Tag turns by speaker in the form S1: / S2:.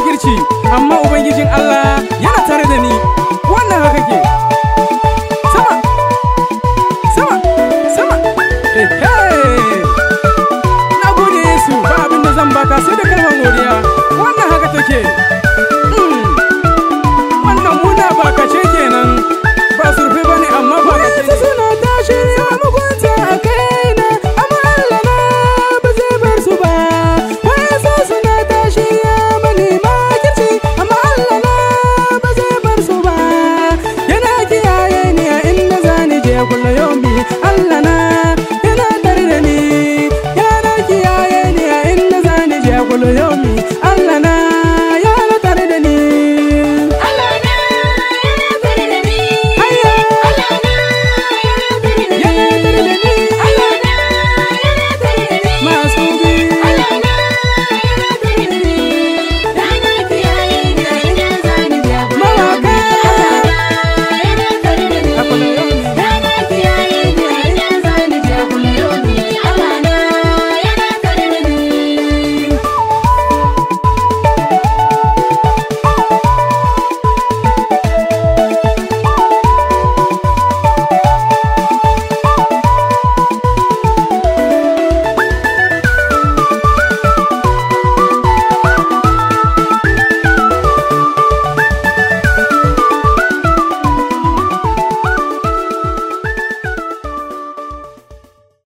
S1: makirci amma ubangijin Allah yana tare da ni